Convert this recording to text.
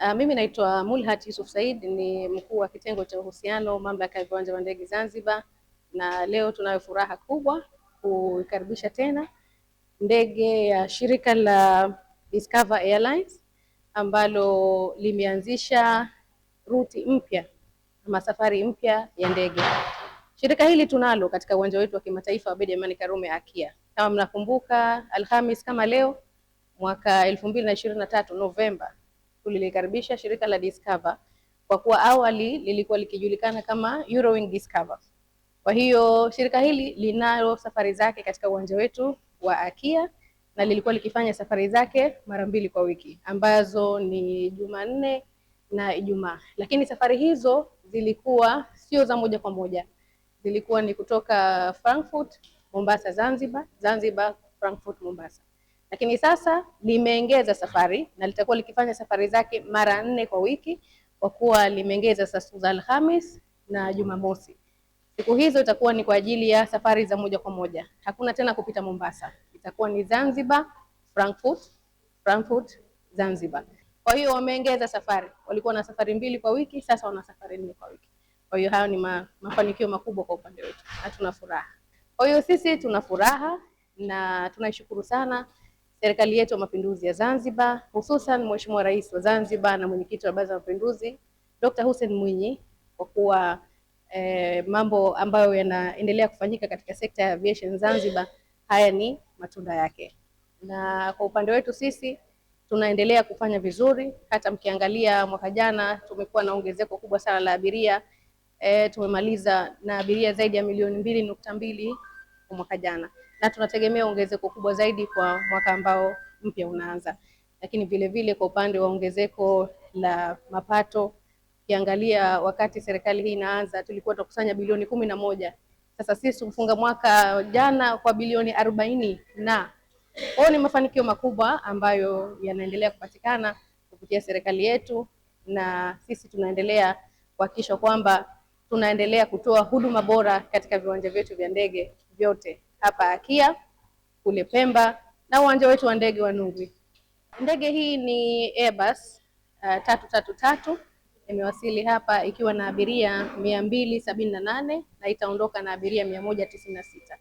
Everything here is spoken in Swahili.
Uh, mimi naitwa Mulhat Yusuf Said ni mkuu wa kitengo cha uhusiano mamlaka ya viwanja vya ndege Zanzibar, na leo tunayo furaha kubwa kuikaribisha tena ndege ya shirika la Discover Airlines ambalo limeanzisha ruti mpya ama safari mpya ya ndege. Shirika hili tunalo katika uwanja wetu wa kimataifa wa Benjamin Karume Akia. Kama mnakumbuka, Alhamis kama leo mwaka elfu mbili na ishirini na tatu Novemba tulilikaribisha shirika la Discover kwa kuwa awali lilikuwa likijulikana kama Eurowings Discover. Kwa hiyo shirika hili linalo safari zake katika uwanja wetu wa Akia na lilikuwa likifanya safari zake mara mbili kwa wiki ambazo ni Jumanne na Ijumaa, lakini safari hizo zilikuwa sio za moja kwa moja, zilikuwa ni kutoka Frankfurt Mombasa, Zanzibar, Zanzibar Frankfurt Mombasa lakini sasa limeongeza safari na litakuwa likifanya safari zake mara nne kwa wiki, kwa kuwa limeongeza siku za Alhamis na Jumamosi. Siku hizo itakuwa ni kwa ajili ya safari za moja kwa moja, hakuna tena kupita Mombasa, itakuwa ni Zanzibar, Frankfurt, Frankfurt, Zanzibar. Kwa hiyo wameongeza safari, walikuwa na safari mbili kwa wiki, sasa wana safari nne kwa wiki. Kwa hiyo hayo ni ma, mafanikio makubwa kwa upande wetu na tuna furaha. Kwa hiyo sisi tuna furaha na tunaishukuru sana serikali yetu ya mapinduzi ya Zanzibar, hususan Mheshimiwa Rais wa Zanzibar na mwenyekiti wa Baraza la Mapinduzi Dr. Hussein Mwinyi kwa kuwa eh, mambo ambayo yanaendelea kufanyika katika sekta ya aviation Zanzibar haya ni matunda yake, na kwa upande wetu sisi tunaendelea kufanya vizuri. Hata mkiangalia mwaka jana tumekuwa na ongezeko kubwa sana la abiria eh, tumemaliza na abiria zaidi ya milioni mbili nukta mbili kwa mwaka jana na tunategemea ongezeko kubwa zaidi kwa mwaka ambao mpya unaanza. Lakini vile vile kwa upande wa ongezeko la mapato, ukiangalia wakati serikali hii inaanza tulikuwa tunakusanya bilioni kumi na moja sasa sisi tufunga mwaka jana kwa bilioni arobaini na kwao ni mafanikio makubwa ambayo yanaendelea kupatikana kupitia serikali yetu, na sisi tunaendelea kuhakikisha kwamba tunaendelea kutoa huduma bora katika viwanja vyetu vya ndege vyote hapa Akia kule Pemba na uwanja wetu wa ndege wa Nungwi. Ndege hii ni Airbus uh, tatu tatu tatu imewasili hapa ikiwa na abiria mia mbili sabini na nane na itaondoka na abiria mia moja tisini na sita.